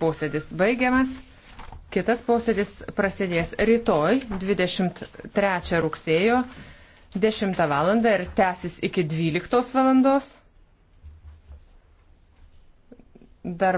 posėdis baigiamas. Kitas posėdis prasidės rytoj 23 rugsėjo 10 val. ir tęsis iki 12 val. Darba